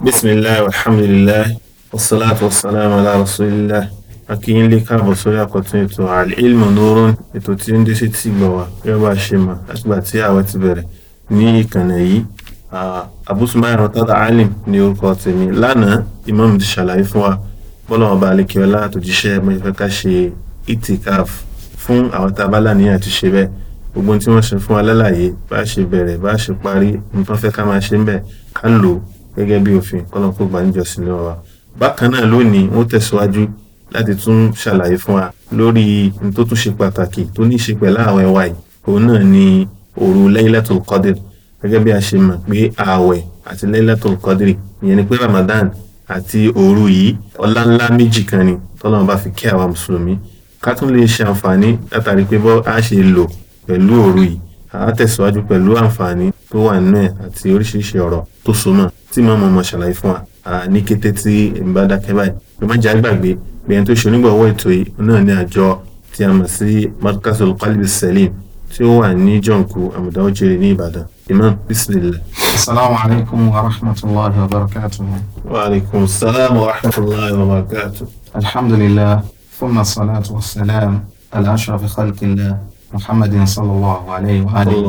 bisimilahi alhamdulilahi wasalaatu wasalaamu ala rasulillah akínyínlé káàbọ̀ sórí àkọ́tún ètò al-ilmu nurun ètò tí ń dé sí ti gbọ̀ wá gẹ́gẹ́ bá a ṣe mọ̀ látìgbà tí àwa ti bẹ̀rẹ̀ ní ìkànnì yìí Abu Sumayya Ratada Alim ní orúkọ tèmi lánàá imam ti ṣàlàyé fún wa bọ́lá ọba alekeola àtòjíṣẹ́ mọ̀jẹ̀fẹ́ká ṣe itikaf fún àwọn tá a bá láníyàn àti ṣe bẹ́ẹ̀ gbogbo tí wọ́n ṣe fún wa lálàyé bá a ṣe bẹ̀rẹ̀ bá a ṣe parí nǹkan fẹ́ ká máa ṣe ń bẹ̀ ká lò ó gẹ́gẹ́ bí òfin kọ́lọ́n kó gbà níjọsìn lọ́wọ́ wa. bákan náà lónìí wọ́n tẹ̀síwájú láti tún ṣàlàyé fún wa lórí n tó tún ṣe pàtàkì tó ní í ṣe pẹ̀lú àwẹ̀ wa yìí òun náà ni òru Laylatul Qadr gẹ́gẹ́ bí a ṣe mọ̀ pé àwẹ̀ àti Laylatul Qadr ìyẹn ni pé Ramadan àti òru yìí ọlá ńlá méjì kan ni tọ́lọ́run bá fi kí àwa mùsùlùmí ká tún lè ṣe àǹfààní látàrí pé bọ́ a ṣe lò pẹ̀lú òru yìí a tẹ̀síwájú pẹ̀lú àǹfààní tó wà nínú ẹ̀ àti oríṣiríṣi ọ̀rọ̀ tó so tí màmá ọmọ ṣàlàyé fún wa ní kété tí èmi bá dákẹ́ báyìí ló má jẹ́ àgbàgbé bí ẹni tó ṣe onígbọ̀wọ́ ètò yìí náà ní àjọ tí a mọ̀ sí markazul qalbi salim tí ó wà ní jọ̀ǹkù àmọ̀dá òjèrè ní ìbàdàn imam bismillah. asalaamu alaykum wa rahmatulahi wa barakatu. wa alaykum salaam wa rahmatulahi wa barakatu. alhamdulilah fún masalatu wa salaam ashraf khalqillah. محمد صلى الله عليه وآله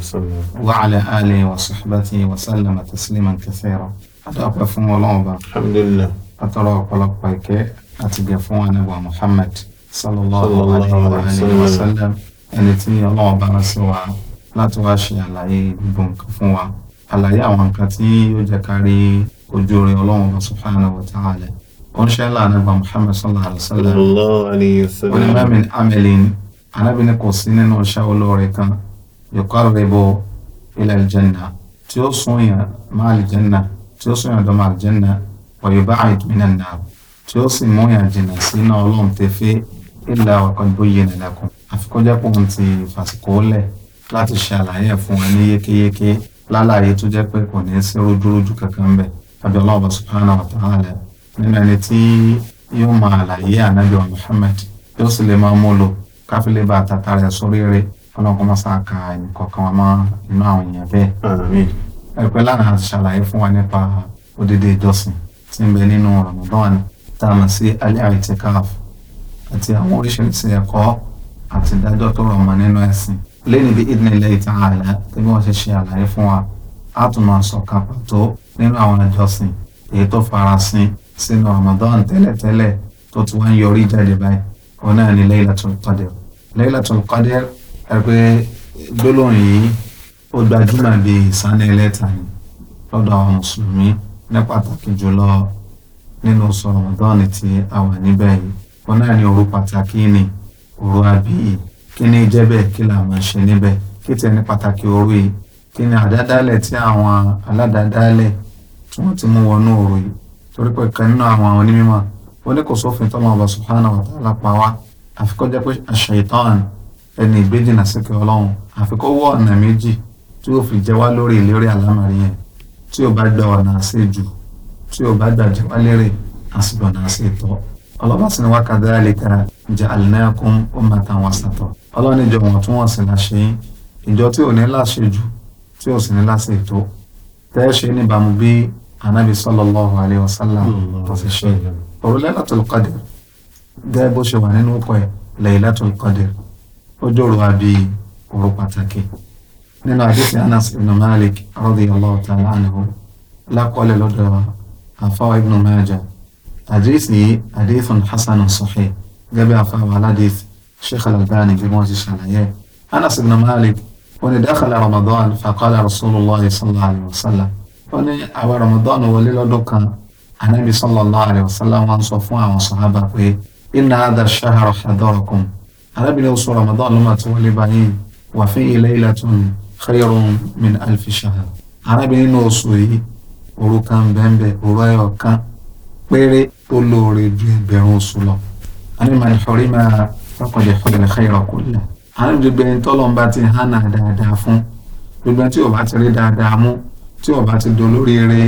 وسلم وعلى آله وصحبه وسلم تسليما كثيرا أدعوك فون ولوبا الحمد لله أتراك ولقبك أتقفون أبو محمد صلى الله عليه وآله وسلم ẹni tí ọlọ́run bá rán sí wa láti wá ṣe àlàyé gbogbo nǹkan fún wa àlàyé àwọn nǹkan tí ó jẹ́ ká rí ojú rẹ ọlọ́run bá subhanahu wa ta'ala ó ń ṣe àlànà bá muhammed sallallahu alayhi wa sallam onímọ̀ min amelin arábìnrin kò sí nínú iṣẹ́ olóore kan yuqarribu ila aljanna tí ó sún yàn má aljanna tí ó sún yàn dọ́mọ aljanna wa yub'id minan nar tí ó sì mú yàn jìnnà sínú ọlọ́run tẹ́fẹ́ illa wa qad buyyina lakum àfikọ́jẹ́ pòun ti fàsìkò lẹ̀ láti ṣe àlàyé fún ẹ ní yékéyéké lálàyé tó jẹ́ pé kò ní sí rújúrújú kankan bẹ̀ àbí Allah subhanahu wa ta'ala nínú ẹni tí yóò máa àlàyé ànábì wa Muhammad yóò sì lè máa mú lò káfílẹ̀ bá tata rẹ̀ sórí rẹ̀ ọlọ́kọ́ mọ́ sáà ka ẹnìkọ̀ọ̀kan wa mọ́ inú àwọn èèyàn bẹ́ẹ̀. ẹ̀pẹ́ lánàá ṣàlàyé fún wa nípa odidi ìjọsìn tí ń bẹ nínú Ramadan tá a mọ̀ sí al-i'tikaf àti àwọn oríṣiríṣi ẹ̀kọ́ àti ìdájọ́ tó rọ̀ mọ́ nínú ẹ̀sìn. lẹ́yìn bí idnillahi ta'ala tí wọ́n ṣe ṣe àlàyé fún wa á tún máa sọ̀kan pàtó nínú àwọn ìjọsìn èyí tó farasin sínú Ramadan tẹ́lẹ̀tẹ́lẹ̀ tó ti wá ń yọrí jáde báyìí òun náà ni Laylatul Laylatul Qadr ẹgbẹ́ gbólóhùn yìí ó gbajúmọ̀ bí ìsáná ẹlẹ́ta ni lọ́dọ̀ àwọn mùsùlùmí ní pàtàkì jùlọ nínú oṣù Ramadan tí a wà níbẹ̀ yìí wọn náà ní òru pàtàkì ni òru abíyì kí ni jẹ́ bẹ́ẹ̀ kí là máa ṣe níbẹ̀ kí tẹ̀ ní pàtàkì òru yìí kí ni àdádálẹ̀ tí àwọn aládàádálẹ̀ tí wọ́n ti mú wọnú òru yìí torí pé kan nínú àwọn onímọ̀ ó ní kò sófin tọ́lọ́ ọba subhanahu wa pa wá àfi kó jẹ́ pé ṣàìtàn ẹni ìgbéjìnà síkẹ ọlọ́run àfi kó wọ ọ̀nà méjì tí ó fi jẹ wá lórí ìlérí àlámọ̀rí yẹn tí ó bá gba ọ̀nà àṣejù tí ó bá gbà jẹ wá lérè àsìkò ọ̀nà àṣetọ́ ọlọ́ba sì ni wá kadhalika ja'alnakum ummatan wasata ọlọ́ni ìjọ wọn tún wọ̀n sí láṣẹ yín ìjọ tí ò ní láṣejù tí ò sì ní láṣetọ́ tẹ́ anabi sallallahu alayhi wa sallam tó ṣe òrùlé Lailatul gẹ́gẹ́ bó ṣe wà nínú ọkọ̀ ẹ̀ Laylatul Qadr ó jòrò àbí òru pàtàkì nínú àdìsí Anas ibn Malik radiyallahu ta'ala anhu lákọọ́lẹ̀ lọ́dọ̀ àfáwà ibn Majah àdìsí yìí àdìsùn hasan sahih gẹ́gẹ́ bí àfáwà aládìsí Sheikh Al-Albani bí wọ́n ti ṣàlàyé Anas ibn Malik wọn dakhala Ramadan faqala Rasulullah sallallahu alayhi wa sallam wọn ní àwọn Ramadan wọlé lọ́dún kan inna hadha ash-shahra hadarakum arábìnrin oṣù ramadan ló máa ti wọlé báyìí wa fihi laylatun khayrun min alfi shahr arábìnrin náà oṣù yìí òru kan bẹ́ẹ̀nbẹ́ẹ́ òru ayọ̀ kan péré ó lóore ju ẹgbẹ̀rún oṣù lọ. àní man hurima faqad harima al-khayra kullahu. àní gbogbo ẹni tọ́lọ́ ń bá ti hánà dáadáa fún gbogbo ẹni tí ò bá ti rí dáadáa mú tí ò bá ti dolóríire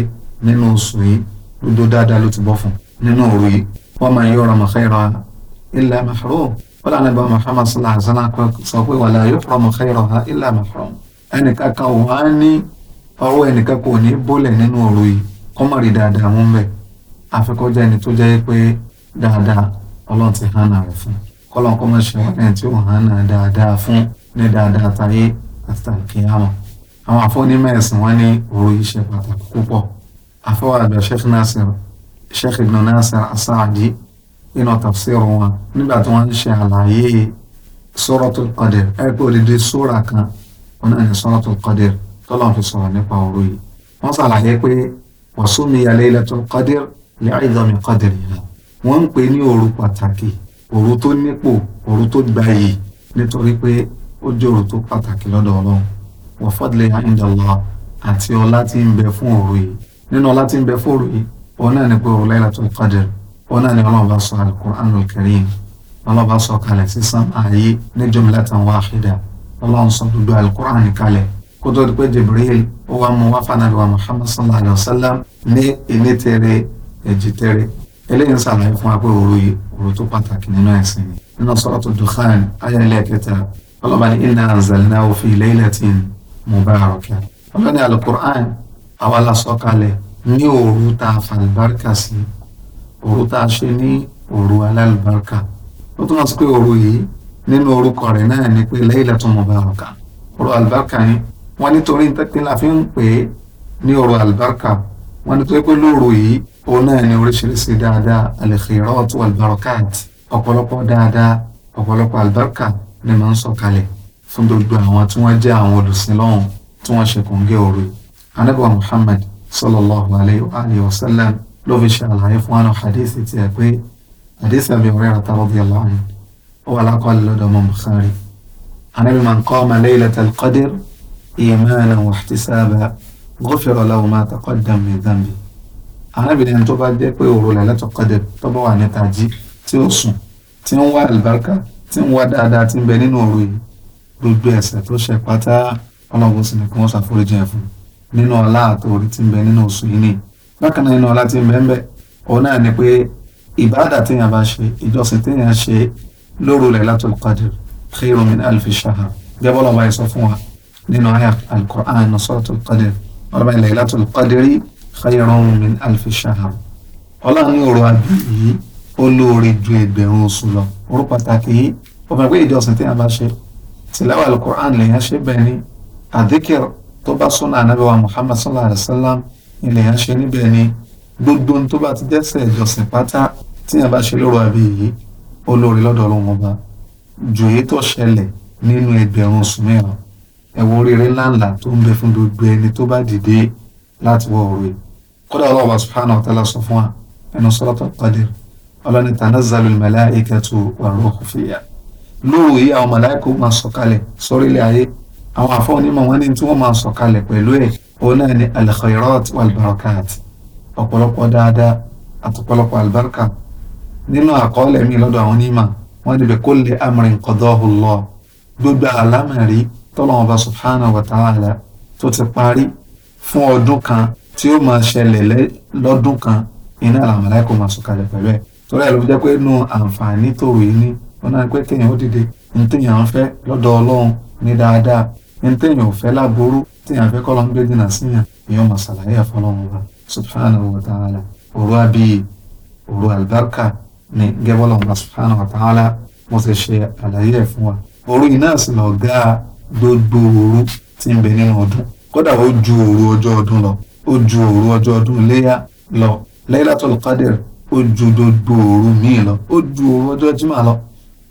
nínú oṣù yìí gbogbo dáadáa ló ti bọ́ fún nínú òru yìí. وما يرم خيرا إلا محروم wọ́n lànà ìbọn Muhammad sallallahu alayhi wa sallam sọ pé wàlá yuhramu khayraha illa mahrum ẹnìkan kan ò wá ní ọwọ́ ẹnìkan kò ní bólẹ̀ nínú ọ̀rọ̀ yìí kó má rí dáadáa mú mbẹ́ àfikọ́jà ẹni tó jẹ́ pé dáadáa ọlọ́run ti hàn náà rẹ̀ fún kọ́lọ́n kọ́ máa ṣe ọ̀rẹ́ tí ó hàn náà dáadáa fún ní dáadáa táyé àti tàkìyàmà àwọn àfọ́nímẹ̀sìn wọn ní ọ̀rọ̀ yìí ṣe pàtàkì púpọ̀ àfọwọ́ àgbà ṣẹ́fúnnáṣẹ́ sheikh ibn nasir asaadi inú tafsir wọn nígbà tí wọ́n ń ṣe àlàyé suratul qadir ẹ̀ pé odidi sóra kan wọn náà ní suratul qadir tọ́lọ́n fi sọ̀rọ̀ nípa òru yìí wọ́n ṣàlàyé pé wa summiya laylatul qadir li'idhami qadriha wọ́n ń pè ní òru pàtàkì òru tó nípò òru tó gbayì nítorí pé ó jẹ́ òru tó pàtàkì lọ́dọ̀ ọlọ́run wa fadliha inda àti ọlá tí ń bẹ fún òru yìí nínú ọlá tí ń bẹ fún òru yìí òun náà ni pé òru Laylatul Qadr òun náà ni ọlọ́ọ̀bá sọ al-Qur'anul Karim ọlọ́ọ̀bá sọ kalẹ̀ sísan ààyè ní jumlatan wahida ọlọ́run sọ gbogbo al-Qur'an kalẹ̀ kótó di pé Jibril ó wá mú wáfà náà lọ́wọ́ Muhammad sallallahu alayhi wa sallam ní ilé tẹ̀rẹ̀ èjì tẹ̀rẹ̀ eléyìí ń sàlàyé fún wa pé òru yìí òru tó pàtàkì nínú ẹ̀sìn yìí nínú Suratu Dukhan ayẹyẹlẹ kẹta ọlọ́ba ní inna anzalnahu fi laylatin mubarakah ọlọ́ni al-Qur'an àwa la sọ ní òru tá a fàlùbáríkà sí òru tá a ṣe ní òru alálùbáríkà ó túmọ̀ sí pé òru yìí nínú orúkọ rẹ̀ náà ni pé Laylatul Mubaraka òru alùbáríkà yẹn wọ́n nítorí nítorí la fi ń pè é ní òru alùbáríkà wọ́n nítorí pé lóru yìí òun náà ni oríṣiríṣi dáadáa al-khairat wal-barakat ọ̀pọ̀lọpọ̀ dáadáa ọ̀pọ̀lọpọ̀ alùbáríkà ni máa ń sọ̀kalẹ̀ fún gbogbo àwọn tí wọ́n jẹ́ àwọn olùsìn lọ́hùn tí wọ́n ṣe kòńgẹ́ òru anábọ̀ Muhammad sallallahu alayhi wa sallam ló fi ṣe àlàyé fún àwọn hadithi tiẹ̀ pé hadithi Abi Hurairah radiyallahu anhu ó wà lákọọ́lẹ̀ lọ́dọ̀ ọmọ Bukhari anabi man qama laylatal qadr imanan wa ihtisaban ghufira lahu ma taqaddama min dhanbi anabi ni tó bá jẹ́ pé òru Laylatul Qadr tó bá wà níta jí tí ó sùn tí ń wá àlùbáríkà tí ń wá dáadáa tí ń bẹ nínú òru yìí gbogbo ẹ̀ṣẹ̀ tó ṣe pátá ọlọ́run sì ni kí wọ́n ṣàforíjì ẹ̀ fún un nínú ọlá àtòrí tí ń bẹ nínú oṣù yìí ni bákan náà nínú ọlá tí ń bẹ ń bẹ òun náà ni pé ìbáàdà téèyàn bá ṣe ìjọsìn téèyàn ṣe lóru rẹ̀ látòlù kadìr khairu min alfi shahr gẹ́gẹ́ lọ́ba yìí sọ fún wa nínú àyà al-Qur'an nínú suratul qadr ọlọ́ba ilẹ̀ látòlù kadìrí khairu min alfi shahr ọlọ́run ní òru àbí yìí ó lóore ju ẹgbẹ̀rún oṣù lọ orú pàtàkì yìí ó fẹ́ ìjọsìn téèyàn bá ṣe tìláwà al-Qur'an lèèyàn ṣe bẹ́ẹ̀ ni àdékẹ́rọ̀ tó bá súnà ànábì wa Muhammad sallallahu alayhi wa sallam ilẹ̀ yẹn ṣe níbẹ̀ ni gbogbo ohun tó bá ti dẹ́ṣẹ̀ ìjọsìn pátá tí yẹn bá ṣe lóru àbí èyí olórí lọ́dọ̀ ọlọ́run ọba jù èyí tó ṣẹlẹ̀ nínú ẹgbẹ̀rún oṣù mẹ́rin ẹ̀wọ̀n oríire ńláńlá tó ń bẹ fún gbogbo ẹni tó bá dìde láti wọ òru kódà ọlọ́ọ̀bà subhanahu wa ta'ala sọ fún wa ẹnu suratul Qadir ọlọ́ni tanazzalul malaikatu war ruhu fiha lóòrè àwọn màláìkà ó máa sọ̀kalẹ̀ sórílẹ̀ ayé àwọn àfọ onímọ̀ wọn ní tí wọ́n máa sọ̀kalẹ̀ pẹ̀lú ẹ̀ òun náà ni al-khairat wal-barakat ọ̀pọ̀lọpọ̀ dáadáa àtọ̀pọ̀lọpọ̀ albarka nínú àkọọ́lẹ̀ mi lọ́dọ̀ àwọn onímọ̀ wọ́n níbi kulli amrin qadahu Allah gbogbo àlámẹ̀rí tọ́lọ́wọ́n bá subhanahu wa ta'ala tó ti parí fún ọdún kan tí ó máa ṣẹlẹ̀ lọ́dún kan iná àwọn máa sọ̀kalẹ̀ pẹ̀lú ẹ̀ torí ẹ̀ ló jẹ́ pé inú àǹfààní tòwé ní wọn náà pé kéèyàn ó dìde ní téèyàn ń fẹ́ lọ́dọ̀ Ọlọ́run ní dáadáa ní téèyàn ò fẹ́ láboró téèyàn fẹ́ kọ́ lọ́n gbé dínà síyàn èèyàn mọ̀ sàlàyé àfọlọ́run ọba subhanahu wa ta'ala òru abiyì òru àlùbáríkà ní gẹ́bọ́lọ́ ọba subhanahu wa ta'ala mo ti ṣe àlàyé ẹ̀ fún wa òru yìí náà sì lọ́gá gbogbo òru tí ń bẹ nínú ọdún kódà ó ju òru ọjọ́ ọdún lọ ó ju òru ọjọ́ ọdún léyà lọ Laylatul Qadr ó ju gbogbo òru míì lọ ó ju òru ọjọ́ jimá lọ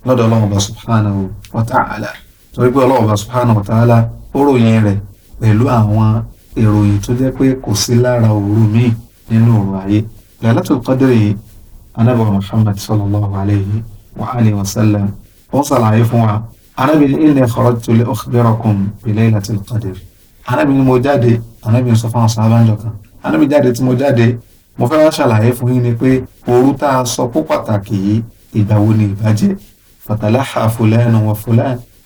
lọ́dọ̀ ọlọ́run ọba subhanahu wa ta'ala torí pé ọlọ́run subhanahu wa ta'ala ó ròyìn rẹ̀ pẹ̀lú àwọn ìròyìn tó jẹ́ pé kò sí lára òru míì nínú òru ayé Lailatul Qadr yìí anábì Muhammad sallallahu alayhi wa alihi wa sallam ó sàlàyé fún wa anábì ní inni kharajtu li ukhbirakum bi Lailatil Qadr anábì ní mo jáde anábì ní sọ fún àwọn sábàjọ kan anábì jáde tí mo jáde mo fẹ́ wá ṣàlàyé fún yín ni pé òru tá a sọ kó pàtàkì yìí ìgbà wo ni ìbàjẹ́ fatalaha fulan wa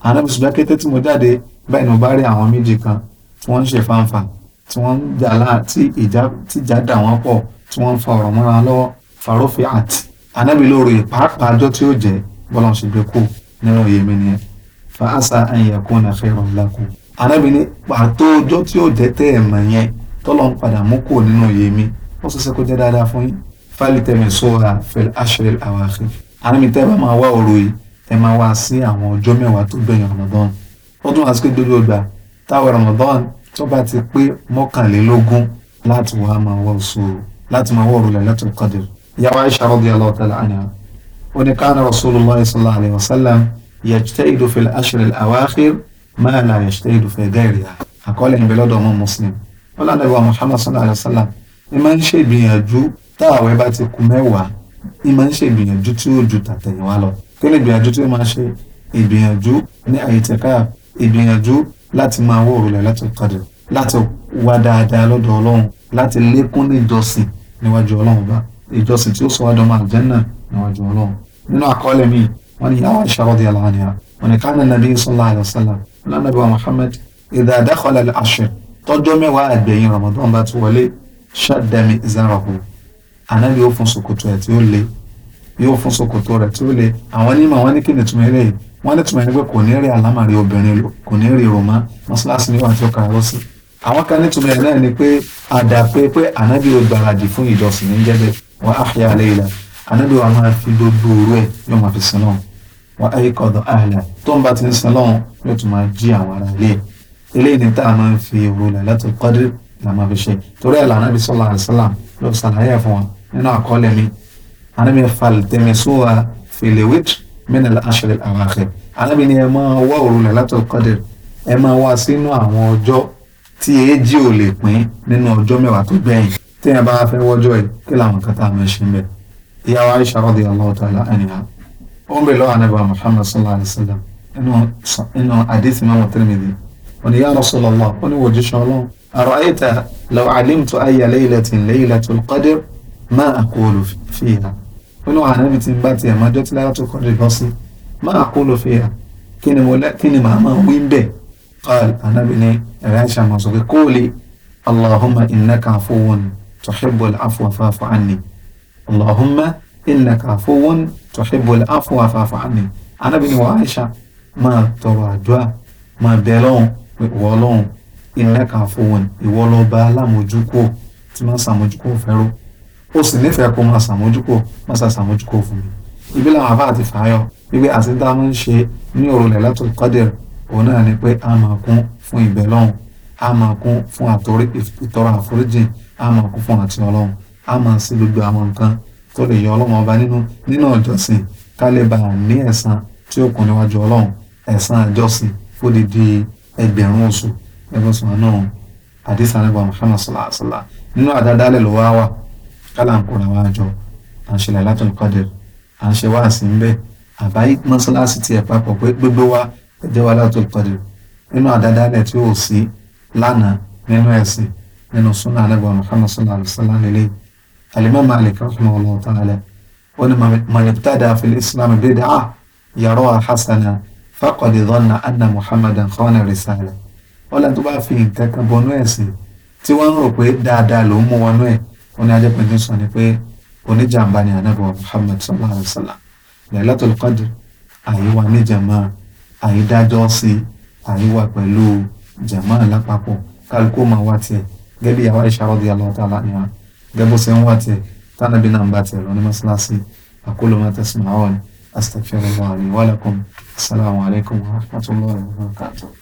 ànábì ṣùgbọ́n kété tí mo jáde báyìí mo bá rí àwọn méjì kan tí wọ́n ń ṣe fàǹfà tí wọ́n ń jà láà tí ìjà tí ìjà dà wọ́n pọ̀ tí wọ́n ń fa ọ̀rọ̀ mọ́ra lọ́wọ́ farofi at ànábì lóru ìpàápàá tí ó jẹ́ bọ́lá ṣe gbé kú nínú yèmí nìyẹn fa asa an yakuna khairan lakum ànábì ní pàtó ọjọ́ tí ó jẹ́ tẹ́ ẹ̀ mọ̀ yẹn tọ́lọ́ ń padà mú kú nínú yèmí ó sọ sẹ́kó jẹ́ dáadáa fún yín fálítẹ̀mí sóra fil ashril awakhir ànábì tẹ́ bá máa wá òru yìí ẹ máa wá sí àwọn ọjọ́ mẹ́wàá tó gbẹ̀yìn Ramadan ó tún wá sí pé gbogbo ìgbà táwọn Ramadan tó bá ti pé mọ́kànlélógún láti wá máa wá oṣù láti máa wá òrùlẹ̀ lẹ́tọ̀ kọ́dìrì. ìyàwó Aisha radiyallahu ta'ala anha ó ní kana Rasulullah sallallahu alayhi wa sallam yajtahidu fil ashr al-awakhir ma la yajtahidu fi ghayriha àkọọ́lẹ̀ ń bẹ lọ́dọ̀ ọmọ Muslim wọn lànà ìwà Muhammad sallallahu alayhi wa sallam ni ń ṣègbìyànjú táwọn kí ni ìgbìyànjú tí ó máa ṣe ìgbìyànjú ní àyètẹ̀ká ìgbìyànjú láti máa wọ òrùlẹ̀ láti kàdé láti wá dáadáa lọ́dọ̀ ọlọ́run láti lékún ní ìjọsìn níwájú ọlọ́run bá ìjọsìn tí ó sọ wá dọ́mọ àlùjànnà níwájú ọlọ́run nínú àkọọ́lẹ̀ mi wọ́n ní àwọn ìṣàrọ̀ di àlàáni ha wọ́n ní káàní nàbí sallallahu alaihi wasallam lánàbí wa Muhammad idha dakhala al tọ́jọ́ mẹ́wàá àgbẹ̀yìn Ramadan bá ti wọlé ṣàdàmì ìzáràkù ànábì ó yóò fún ṣòkòtò rẹ̀ tó le àwọn onímọ̀ wọn ní kí ni túmọ̀ eléyìí wọn ní túmọ̀ ẹni pé kò ní rí àlámàrí obìnrin kò ní rí roma mọ́ṣáláṣí ni wọ́n ti ọkàn lọ sí àwọn kan ní túmọ̀ ẹ̀ náà ni pé àdàpé pé ànábì ò gbáradì fún ìjọsìn ní jẹ́bẹ̀ wọ́n á fi àlẹ́ ìlà ànábì wa máa fi gbogbo òru ẹ̀ yóò máa fi sin náà wọ́n á yí kọ́dọ̀ àlà tó ń bá ti ń sin lọ́hùn yóò tún máa jí la máa fi ṣe torí ẹ̀ lànà anábì ní faltemisu fil witr min al-ashr al-awakhir anábì ní ẹ máa wá òru Lailatul Qadr ẹ máa wá sínú àwọn ọjọ́ tí èjì ò lè pín nínú ọjọ́ mẹ́wàá tó gbẹ̀yìn tí ẹ bá fẹ́ wọ́jọ́ ẹ kí làwọn kan tá a máa ṣe ń bẹ̀. ìyá wa Aisha radiyallahu ta'ala anha ó ń bẹ̀ lọ́wọ́ anábì wa Muhammad sallallahu alayhi wa sallam nínú hadith Imam Tirmidhi wọn ya Rasulullah ó ní wòjíṣẹ́ ọlọ́run ara'ayta law alimtu ayya laylatin laylatul qadr ma aqulu fiha ó lọ́wọ́ ànábì ti bá tiẹ̀ máa jọ́ tí lára tó kọ́dé lọ sí máa kó ló fi hà kí ni mo kí ni màá máa wí bẹ́ẹ̀ qal ànábì ní ẹ̀rẹ́ àṣà máa sọ pé kóòlì allahumma innaka afuwun tuhibbul afwa fa'fu allahumma innaka afuwun tuhibbul afwa fa'fu anni ànábì ní máa tọrọ àdúrà máa bẹ̀ lọ́hùn pé ìwọ ọlọ́hùn innaka afuwun ìwọ lọ́ọ́ bá alámojúkú tí máa ń fẹ́ràn ó sì nífẹ̀ẹ́ kó máa ṣàmójúkò máa ṣe àṣàmójúkò fún mi ibi làwọn àbá àti fàáyọ wípé àti dáhùn ń ṣe ní òru Lailatul Qadr òun náà ni pé a máa kún fún ìbẹ̀ lọ́hùn a máa kún fún àtòrí ìtọrọ àforíjìn a máa kún fún àti ọlọ́run a máa sí gbogbo àwọn nǹkan tó lè yọ ọlọ́run ọba nínú nínú ọ̀jọ́sìn ká lè bá a ní ẹ̀san tí ó kún níwájú ọlọ́run ẹ̀san àjọsìn fódìdí ẹgbẹ̀rún oṣù ẹgbẹ̀sùn náà àdìsàn àlẹ́bà Muhammad sallallahu nínú àdádálẹ̀ ló wá wà kálá ń kóra wá jọ à ń ṣe làlátọ̀ ìkọ́dẹ̀ à ń ṣe wá sí ń bẹ́ àbá mọ́ṣáláṣí tiẹ̀ papọ̀ pé gbogbo wa ẹjẹ́ wa látọ̀ ìkọ́dẹ̀ nínú àdádálẹ̀ tí ò sí lánàá nínú ẹ̀sìn nínú súnà àlẹ́bọ̀ Muhammad sallallahu alayhi wa sallam lélẹ̀ Al-Imam Malik rahimahullah ta'ala ó ní man ibtada fil Islam bid'ah yaraha hasana faqad dhanna anna Muhammadan khana risala ó lẹ́nu tó bá fi nǹkan kan bọnú ẹ̀sìn tí wọ́n ń rò pé dáadáa ló mú wọnú ẹ̀ wọn ní ajẹ́pẹ́ tó sọ ni pé oníjàmbá ni anábọ̀ Muhammad sallallahu alayhi wa sallam Lailatul Qadr àyíwá ní jàmá àyídájọ́ sí àyíwá pẹ̀lú jàmá lápapọ̀ kálukú máa wá tiẹ̀ gẹ́gẹ́ bí àwọn Aisha radiyallahu ta'ala anha gẹ́gẹ́ bó ṣe ń wá tiẹ̀ tánàbí náà ń bá tiẹ̀ lọ ní mọ́ṣáláṣí aqulu ma tasma'un astaghfirullah li wa lakum assalamu alaykum wa rahmatullahi wa barakatuh.